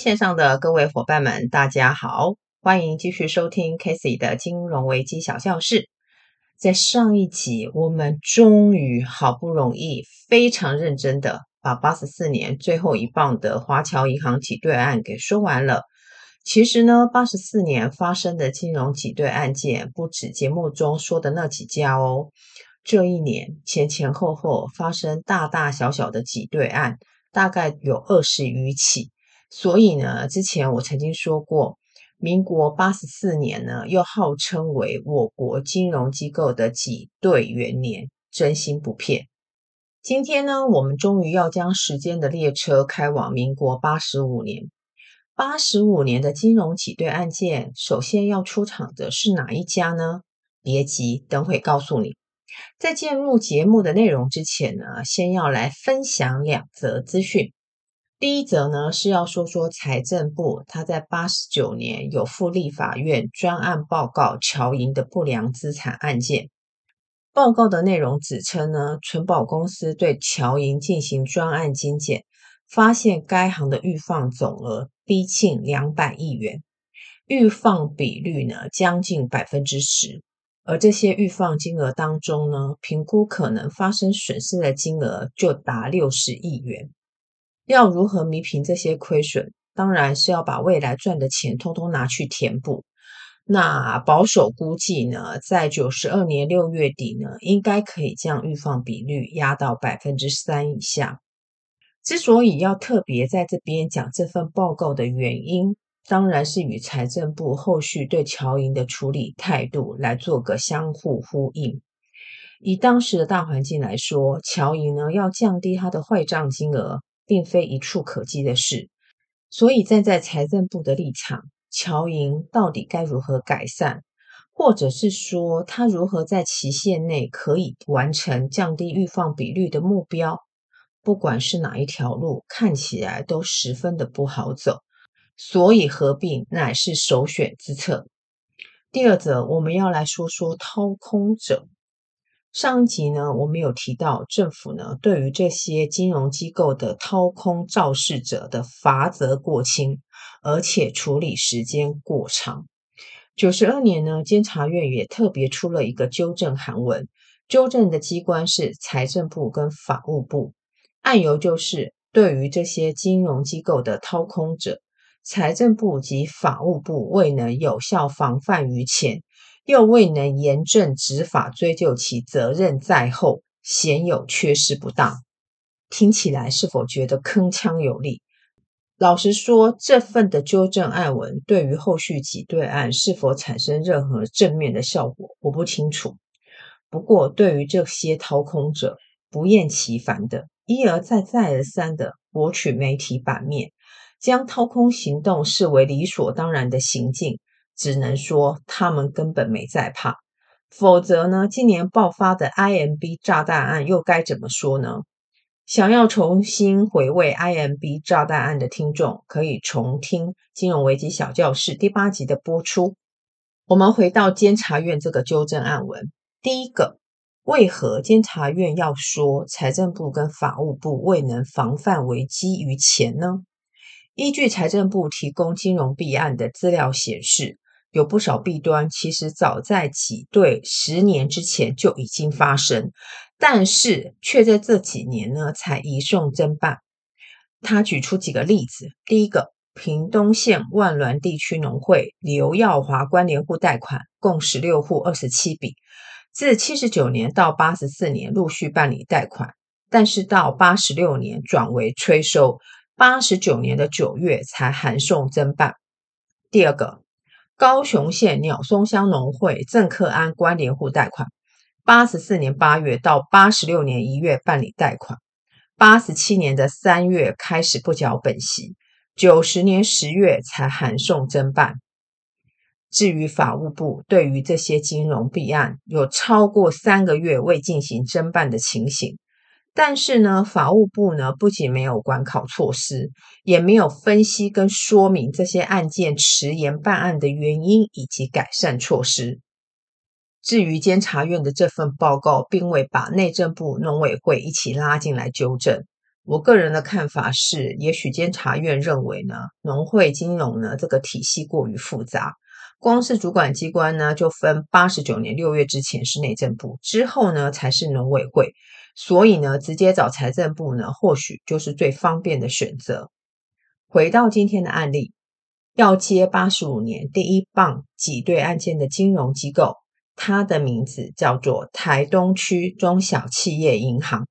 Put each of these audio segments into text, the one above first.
線上的各位夥伴們，大家好，歡迎繼續收聽 Casey 的金融危機小教室。在上一集，我們終於好不容易、非常認真的把八十四年最後一棒的華僑銀行擠兌案給說完了。其實呢，八十四年發生的金融擠兌案件不止節目中說的那幾家哦。這一年前前後後發生大大小小的擠兌案，大概有二十餘起。所以呢，之前我曾經說過，民國八十四年呢，又號稱為我國金融機構的擠兌元年，真心不騙。今天呢，我們終於要將時間的列車開往民國八十五年。八十五年的金融擠兌案件，首先要出場的是哪一家呢？別急，等會告訴你。在進入節目的內容之前呢，先要來分享兩則資訊。第一則呢，是要說說財政部，他在八十九年有赴立法院專案報告，僑銀的不良資產案件報告的內容指稱呢，存保公司對僑銀進行專案金檢，發現該行的逾放總額逼近兩百億元，逾放比率呢將近百分之十，而這些逾放金額當中呢，評估可能發生損失的金額就達六十億元。要如何彌平這些虧損？當然是要把未來賺的錢通通拿去填補。那保守估計呢，在九十二年六月底呢，應該可以將逾放比率壓到百分之三以下。之所以要特別在這邊講這份報告的原因，當然是與財政部後續對喬銀的處理態度來做個相互呼應。以當時的大環境來說，喬銀呢要降低它的壞賬金額，並非一蹴可及的事，所以站在財政部的立場，僑銀到底該如何改善，或者是說它如何在期限內可以完成降低逾放比率的目標？不管是哪一條路，看起來都十分的不好走，所以合併乃是首選之策。第二則，我們要來說說掏空者。上一集呢，我們有提到政府呢對於這些金融機構的掏空肇事者的罰則過輕，而且處理時間過長。九十二年呢，監察院也特別出了一個糾正函文，糾正的機關是財政部跟法務部，案由就是對於這些金融機構的掏空者，財政部及法務部未能有效防範於前。又未能嚴正執法，追究其責任在後，顯有缺失不當。聽起來是否覺得鏗鏘有力？老實說，這份的糾正案文對於後續幾對案是否產生任何正面的效果，我不清楚。不過，對於這些掏空者，不厭其煩的，一而再、再而三的博取媒體版面，將掏空行動視為理所當然的行徑。只能說他們根本沒在怕，否則呢？今年爆發的 IMB 炸彈案又該怎麼說呢？想要重新回味 IMB 炸彈案的聽眾，可以重聽金融危機小教室第八集的播出。我們回到監察院這個糾正案文，第一個，為何監察院要說財政部跟法務部未能防範危機於前呢？依據財政部提供金融弊案的資料顯示，有不少弊端，其實早在擠兌十年之前就已經發生，但是卻在這幾年呢才移送偵辦。他舉出幾個例子：第一個，屏東縣萬巒地區農會劉耀華關聯戶貸款共十六戶二十七筆，自七十九年到八十四年陸續辦理貸款，但是到八十六年轉為催收，八十九年的九月才函送偵辦。第二個。高雄縣鳥松鄉農會鄭克安關聯戶貸款，八十四年八月到八十六年一月辦理貸款，八十七年的三月開始不繳本息，九十年十月才函送偵辦。至於法務部對於這些金融弊案有超過三個月未進行偵辦的情形。但是呢，法務部呢不僅沒有管考措施，也沒有分析跟說明這些案件遲延辦案的原因以及改善措施。至於監察院的這份報告，並未把內政部、農委會一起拉進來糾正。我個人的看法是，也許監察院認為呢，農會金融呢這個體系過於複雜，光是主管機關呢就分八十九年六月之前是內政部，之後呢才是農委會。所以呢，直接找財政部呢，或許就是最方便的選擇。回到今天的案例，要接八十五年第一棒擠兌案件的金融機構，它的名字叫做台東區中小企業銀行，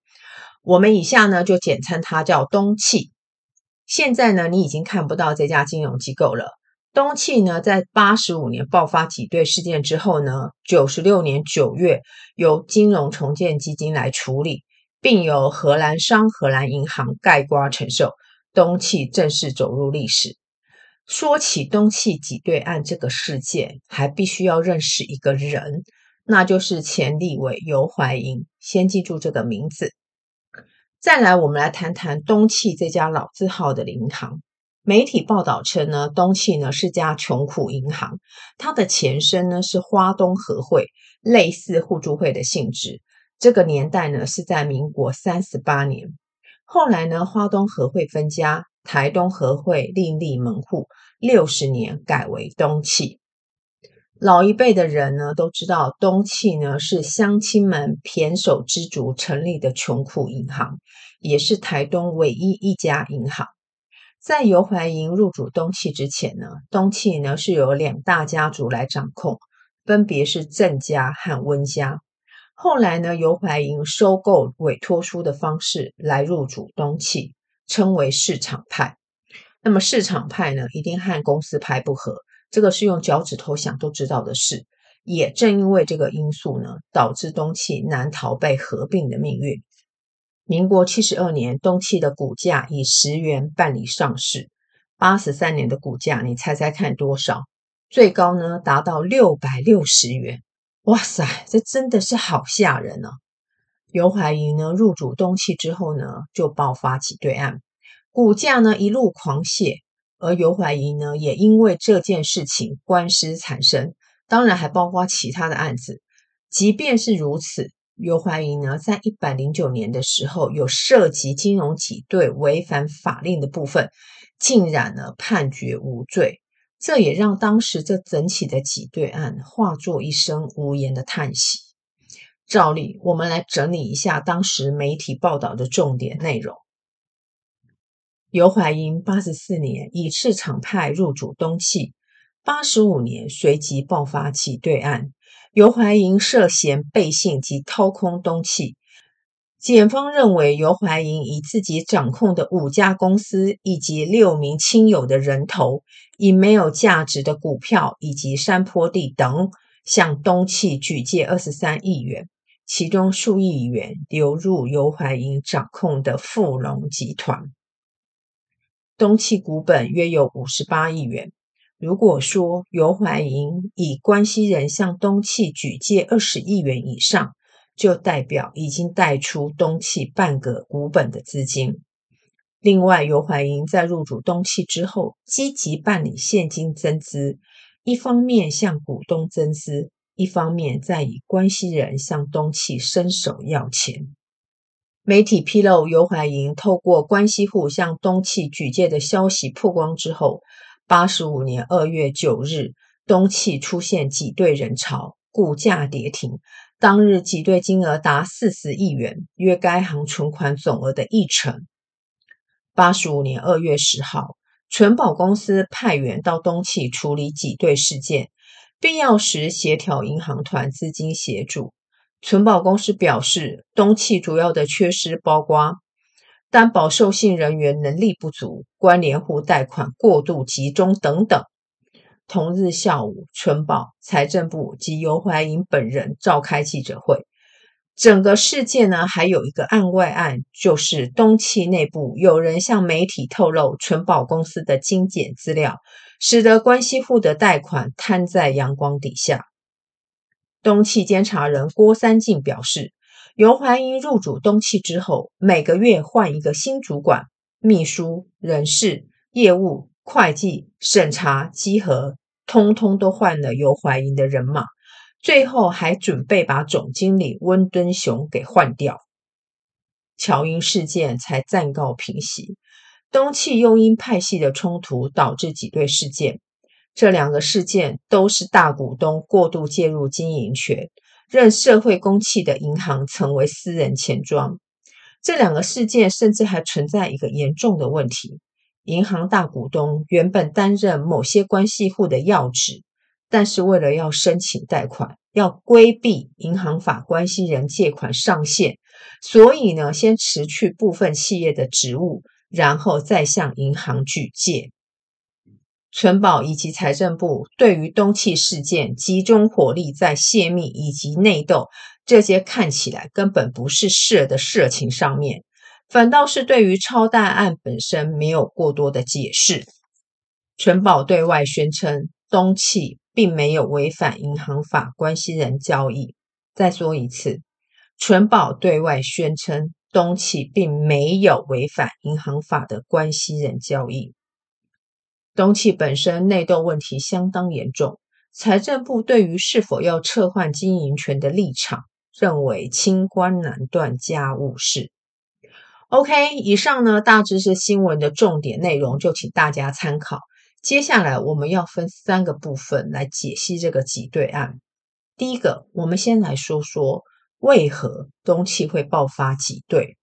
我們以下呢就簡稱它叫東企。現在呢，你已經看不到這家金融機構了。東企呢，在八十五年爆發擠兌事件之後呢，九十六年九月由金融重建基金來處理，並由荷蘭商荷蘭銀行概括承受，東企正式走入歷史。說起東企擠兌案這個事件，還必須要認識一個人，那就是前立委游淮銀，先記住這個名字。再來，我們來談談東企這家老字號的銀行。媒體報道稱呢，東企呢是家窮苦銀行，它的前身呢是花東合會，類似互助會的性質。這個年代呢是在民國三十八年，後來呢花東合會分家，台東合會另立門戶，六十年改為東企。老一輩的人呢都知道，東企呢是鄉親們胼手胝足成立的窮苦銀行，也是台東唯一一家銀行。在游懷銀入主東契之前呢，東契呢是由兩大家族來掌控，分別是鄭家和溫家。後來呢，游懷銀收購委托書的方式來入主東契，稱為市場派。那麼市場派呢，一定和公司派不合，這個是用腳趾頭想都知道的事。也正因為這個因素呢，導致東契難逃被合併的命運。民國七十二年，東企的股價以十元辦理上市，八十三年的股價，你猜猜看多少？最高呢，達到六百六十元。哇塞，這真的是好嚇人呢、啊！游淮銀呢，入主東企之後呢，就爆發擠兌案，股價呢一路狂瀉，而游淮銀呢，也因為這件事情官司纏身，當然還包括其他的案子。即便是如此。游淮銀呢，在一百零九年的時候，有涉及金融擠兌違反法令的部分，竟然呢判決無罪，這也讓當時這整起的擠兌案化作一聲無言的嘆息。照例，我們來整理一下當時媒體報道的重點內容：游淮銀八十四年以市場派入主東企，八十五年隨即爆發擠兌案。游淮銀涉嫌背信及掏空東企，檢方認為游淮銀以自己掌控的五家公司以及六名親友的人頭，以沒有價值的股票以及山坡地等，向東企舉借二十三億元，其中數億元流入游淮銀掌控的富隆集團，東企股本約有五十八億元。如果說游淮銀以關係人向東企舉借二十億元以上，就代表已經貸出東企半個股本的資金。另外，游淮銀在入主東企之後，積極辦理現金增資，一方面向股東增資，一方面再以關係人向東企伸手要錢。媒體披露游淮銀透過關係戶向東企舉借的消息曝光之後。八十五年二月九日，東企出現擠兌人潮，股價跌停。當日擠兌金額達四十億元，約該行存款總額的一成。八十五年二月十號，存保公司派員到東企處理擠兌事件，必要時協調銀行團資金協助。存保公司表示，東企主要的缺失包括。擔保授信人員能力不足、關聯戶貸款過度集中等等。同日下午，存保財政部及游淮銀本人召開記者會。整個事件呢，還有一個案外案，就是東企內部有人向媒體透露存保公司的精簡資料，使得關係戶的貸款攤在陽光底下。東企監察人郭三進表示。游淮銀入主東企之後，每個月換一個新主管、秘書、人事、業務、會計、審查、稽核，通通都換了游淮銀的人馬。最後還準備把總經理溫敦雄給換掉。喬英事件才暫告平息，東企又因派系的衝突導致擠兌事件。這兩個事件都是大股東過度介入經營權。任社會公器的銀行成為私人錢莊，這兩個事件甚至還存在一個嚴重的問題：銀行大股東原本擔任某些關係戶的要職，但是為了要申請貸款，要規避銀行法關係人借款上限，所以呢，先辭去部分企業的職務，然後再向銀行舉借。存保以及財政部對於東企事件集中火力在洩密以及內鬥這些看起來根本不是事的事情上面，反倒是對於超貸案本身沒有過多的解釋。存保對外宣稱東企並沒有違反銀行法關係人交易。再說一次，存保對外宣稱東企並沒有違反銀行法的關係人交易。東企本身內鬥問題相當嚴重，財政部對於是否要撤換經營權的立場，認為清官難斷家務事。OK，以上呢大致，是新聞的重點內容，就請大家參考。接下來我們要分三個部分來解析這個擠兌案。第一個，我們先來說說為何東企會爆發擠兌。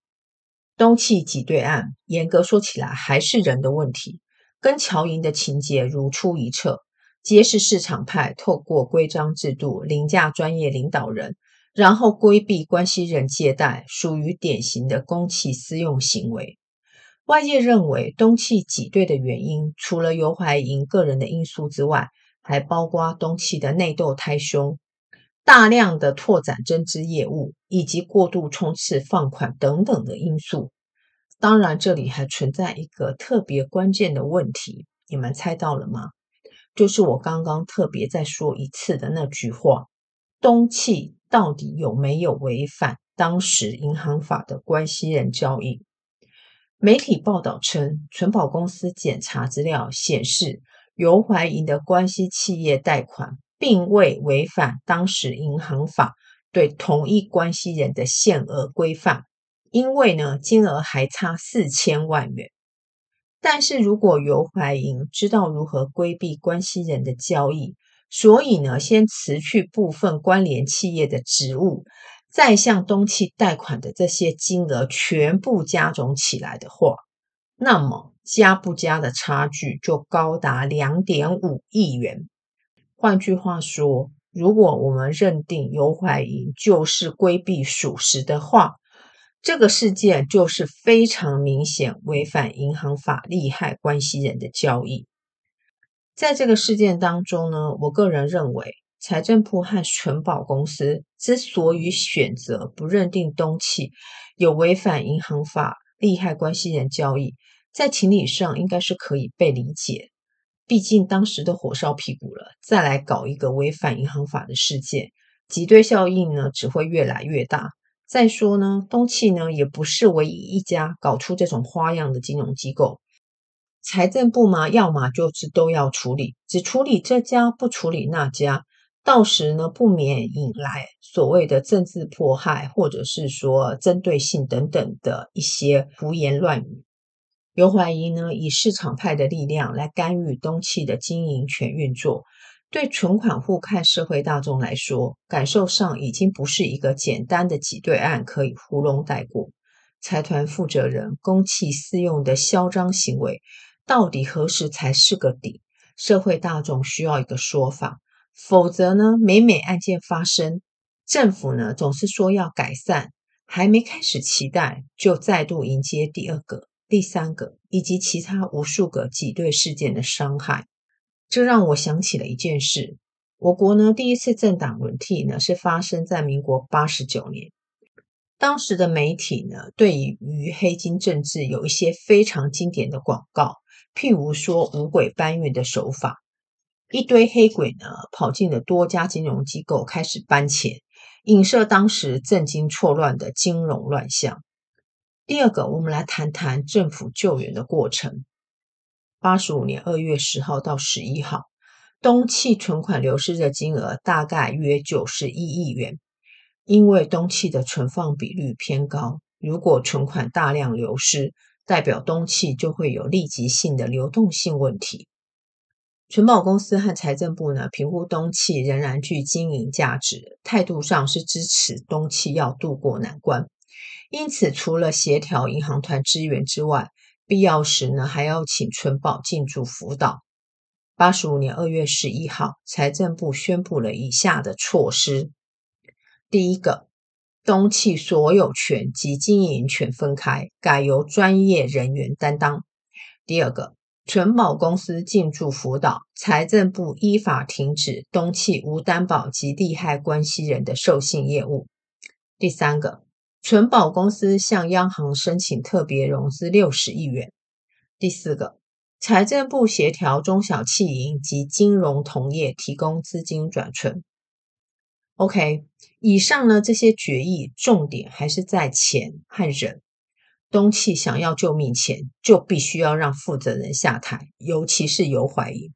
東企擠兌案嚴格說起來還是人的問題。跟喬營的情節如出一轍，皆是市場派透過規章制度凌駕專業領導人，然後規避關係人借貸，屬於典型的公器私用行為。外界認為東企擠兌的原因，除了游淮銀個人的因素之外，還包括東企的內鬥太凶、大量的拓展增值業務以及過度衝刺放款等等的因素。當然，這裡還存在一個特別關鍵的問題，你們猜到了嗎？就是我剛剛特別再說一次的那句話：東企到底有沒有違反當時銀行法的關係人交易？媒體報道稱，存保公司檢查資料顯示，游淮銀的關係企業貸款並未違反當時銀行法對同一關係人的限額規範。因為呢，金額還差四千萬元。但是如果游淮銀知道如何規避關係人的交易，所以呢，先辭去部分關聯企業的職務，再向東企貸款的這些金額全部加總起來的話，那麼加不加的差距就高達兩點五億元。換句話說，如果我們認定游淮銀就是規避屬實的話，這個事件就是非常明顯違反銀行法利害關係人的交易。在這個事件當中呢，我個人認為，財政部和存保公司之所以選擇不認定東企有違反銀行法利害關係人交易，在情理上應該是可以被理解。畢竟當時的火燒屁股了，再來搞一個違反銀行法的事件，擠兌效應呢只會越來越大。再說呢，東企呢也不是唯一一家搞出這種花樣的金融機構。財政部嘛，要嘛就是都要處理，只處理這家不處理那家，到時呢不免引來所謂的政治迫害，或者是說針對性等等的一些胡言亂語。有懷疑呢，以市場派的力量來干預東企的經營權運作。對存款戶看社會大眾來說，感受上已經不是一個簡單的擠兌案可以糊弄帶過。財團負責人公器私用的囂張行為，到底何時才是個底？社會大眾需要一個說法，否則呢，每每案件發生，政府呢總是說要改善，還沒開始期待，就再度迎接第二個、第三個，以及其他無數個擠兌事件的傷害。這讓我想起了一件事：我國呢第一次政黨輪替呢是發生在民國八十九年。當時的媒體呢對於黑金政治有一些非常經典的廣告，譬如說五鬼搬運的手法，一堆黑鬼呢跑進了多家金融機構開始搬錢，影射當時政經錯亂的金融亂象。第二個，我們來談談政府救援的過程。八十五年二月十號到十一號，東企存款流失的金額大概約九十一億元。因為東企的存放比率偏高，如果存款大量流失，代表東企就會有立即性的流動性問題。存保公司和財政部呢，評估東企仍然具經營價值，態度上是支持東企要度過難關。因此，除了協調銀行團支援之外，必要時呢，還要請存保進駐輔導。八十五年二月十一號，財政部宣布了以下的措施：第一個，東企所有權及經營權分開，改由專業人員擔當；第二個，存保公司進駐輔導，財政部依法停止東企無擔保及利害關係人的授信業務；第三個。存保公司向央行申請特別融資六十億元。第四個，財政部協調中小企業及金融同業提供資金轉存。OK，以上呢這些決議重點還是在錢和人。東企想要救命錢，就必須要讓負責人下台，尤其是游淮銀。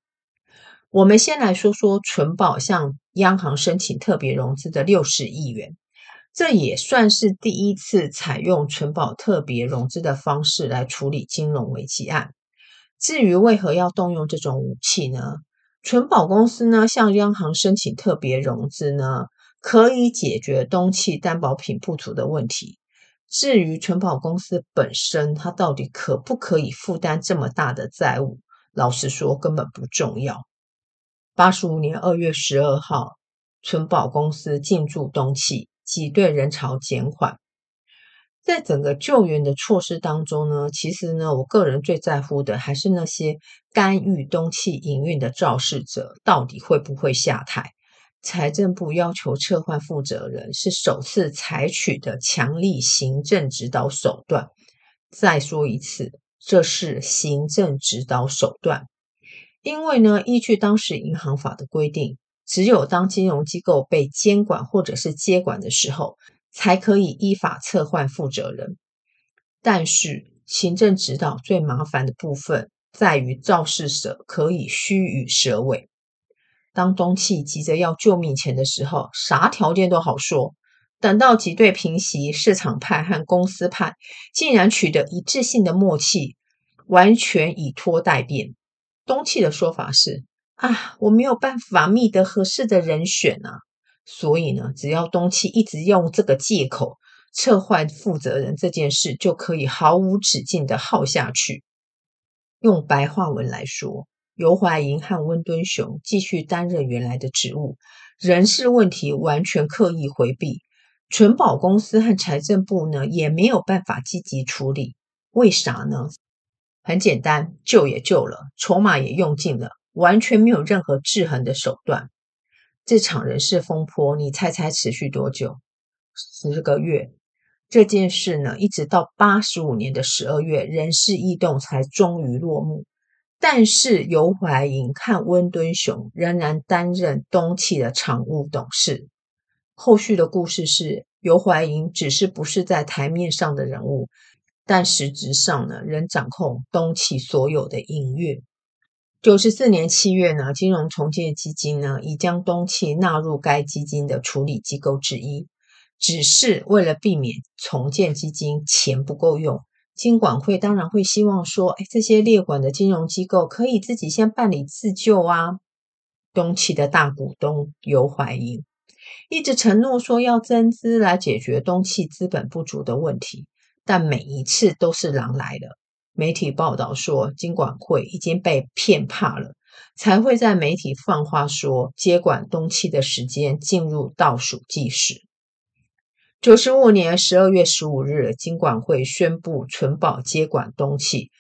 我們先來說說存保向央行申請特別融資的六十億元。這也算是第一次採用存保特別融資的方式來處理金融危機案。至於為何要動用這種武器呢？存保公司呢，向央行申請特別融資呢，可以解決東企擔保品不足的問題。至於存保公司本身，它到底可不可以負擔這麼大的債務？老實說，根本不重要。八十五年二月十二號，存保公司進駐東企。擠兌人潮減緩，在整個救援的措施當中呢，其實呢，我個人最在乎的還是那些干預東企營運的肇事者，到底會不會下台？財政部要求撤換負責人，是首次採取的強力行政指導手段。再說一次，這是行政指導手段，因為呢，依據當時銀行法的規定。只有當金融機構被監管或者是接管的時候，才可以依法撤換負責人。但是行政指導最麻煩的部分在於，肇事者可以虛與委蛇。當東企急着要救命錢的時候，啥條件都好說。等到擠兌平息，市場派和公司派竟然取得一致性的默契，完全以拖待變。東企的說法是。啊，我沒有辦法覓得合適的人選啊，所以呢，只要東企一直用這個借口撤換負責人這件事，就可以毫無止境地耗下去。用白話文來說，游淮銀和溫敦雄繼續擔任原來的職務，人事問題完全刻意回避，存保公司和財政部呢也沒有辦法積極處理，為啥呢？很簡單，救也救了，籌碼也用盡了。完全沒有任何制衡的手段。這場人事風波，你猜猜持續多久？十個月。這件事呢，一直到八十五年的十二月，人事異動才終於落幕。但是游淮銀看溫敦雄仍然擔任東企的常務董事。後續的故事是，游淮銀只是不是在台面上的人物，但實質上呢，仍掌控東企所有的營運。九十四年七月呢，金融重建基金呢已將東企納入該基金的處理機構之一，只是為了避免重建基金錢不夠用，金管會當然會希望說，哎，這些列管的金融機構可以自己先辦理自救啊。東企的大股東游淮銀一直承諾說要增資來解決東企資本不足的問題，但每一次都是狼來了。媒體報道說，金管會已經被騙怕了，才會在媒體放話說接管東企的時間進入倒數計時。九十五年十二月十五日，金管會宣布存保接管東企，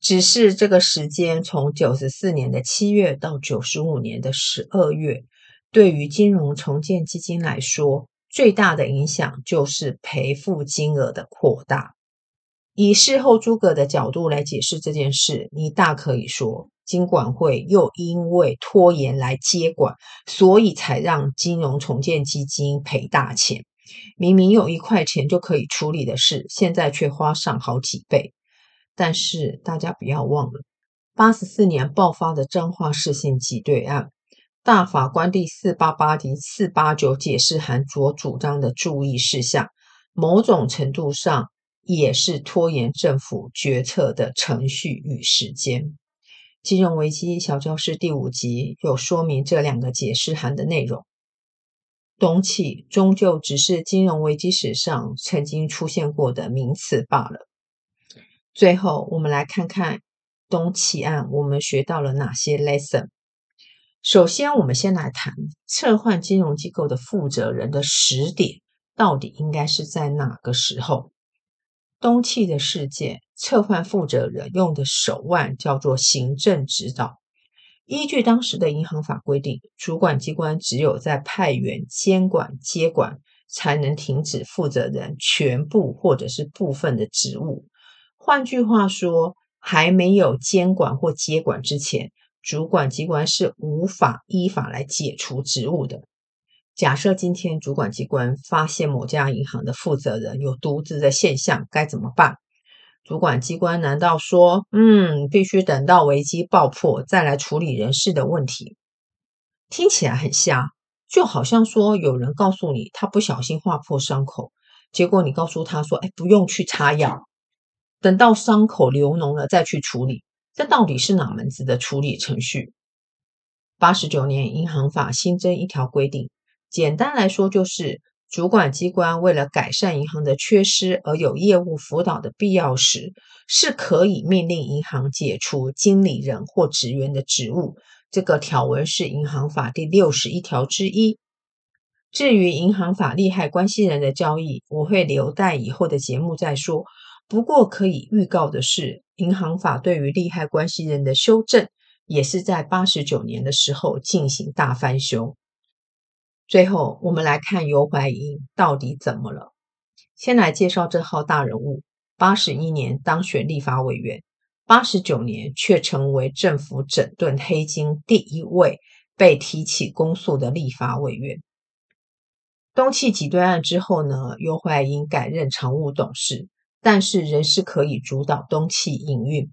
只是這個時間從九十四年的七月到九十五年的十二月，對於金融重建基金來說，最大的影響就是賠付金額的擴大。以事後諸葛的角度來解釋這件事，你大可以說，金管會又因為拖延來接管，所以才讓金融重建基金賠大錢。明明用一塊錢就可以處理的事，現在卻花上好幾倍。但是大家不要忘了，八十四年爆發的彰化市信擠兌案，大法官第四八八及四八九解釋函所主張的注意事項，某種程度上。也是拖延政府決策的程序與時間。金融危機小教室第五集有說明這兩個解釋函的內容。東企終究只是金融危機史上曾經出現過的名詞罷了。最後，我們來看看東企案，我們學到了哪些 lesson？首先，我們先來談撤換金融機構的負責人的時點，到底應該是在哪個時候？東企的事件，撤換負責人用的手腕叫做行政指導。依據當時的銀行法規定，主管機關只有在派員監管、接管，才能停止負責人全部或者是部分的職務。換句話說，還沒有監管或接管之前，主管機關是無法依法來解除職務的。假設今天主管機關發現某家銀行的負責人有瀆職的現象，該怎麼辦？主管機關難道說，嗯，必須等到危機爆破，再來處理人事的問題？聽起來很瞎，就好像說有人告訴你他不小心劃破傷口，結果你告訴他說，哎，不用去擦藥，等到傷口流膿了再去處理。這到底是哪門子的處理程序？八十九年銀行法新增一條規定。簡單來說，就是主管機關為了改善銀行的缺失而有業務輔導的必要時，是可以命令銀行解除經理人或職員的職務。這個條文是《銀行法》第六十一條之一。至於《銀行法》利害關係人的交易，我會留待以後的節目再說。不過可以預告的是，《銀行法》對於利害關係人的修正，也是在八十九年的時候進行大翻修。最後，我們來看游淮銀到底怎麼了。先來介紹這號大人物：八十一年當選立法委員，八十九年卻成為政府整頓黑金第一位被提起公訴的立法委員。東企擠兌案之後呢，游淮銀改任常務董事，但是仍是可以主導東企營運。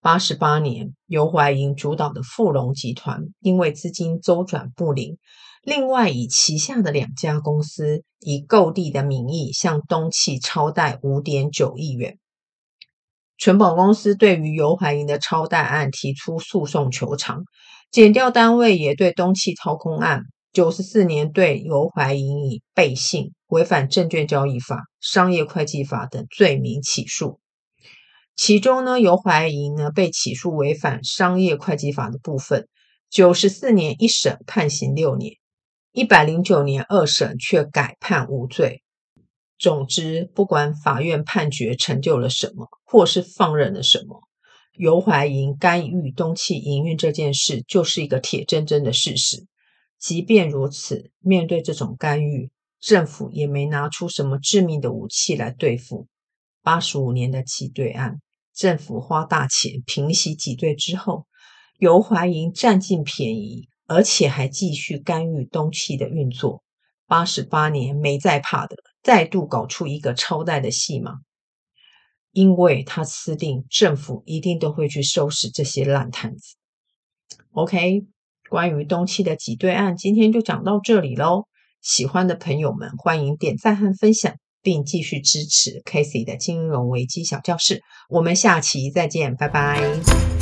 八十八年，游淮銀主導的富隆集團因為資金周轉不靈。另外，以旗下的兩家公司以購地的名義向東企超貸五點九億元。存保公司對於游淮銀的超貸案提出訴訟求償，檢調單位也對東企掏空案九十四年對游淮銀以背信、違反證券交易法、商業會計法等罪名起訴。其中呢，游淮銀呢，被起訴違反商業會計法的部分，九十四年一審判刑六年。一百零九年二審卻改判無罪。總之，不管法院判決成就了什麼，或是放任了什麼，游淮銀干預東企營運這件事，就是一個鐵錚錚的事實。即便如此，面對這種干預，政府也沒拿出什麼致命的武器來對付。八十五年的擠兌案，政府花大錢平息擠兌，兌之後，游淮銀佔盡便宜。而且還繼續干預東企的運作，八十八年沒再怕的，再度搞出一個超大的戲碼。因為他私定政府一定都會去收拾這些爛攤子。OK，關於東企的擠兌案，今天就講到這裡嘍。喜歡的朋友們，歡迎點讚和分享，並繼續支持 Casey 的金融危機小教室。我們下期再見，拜拜。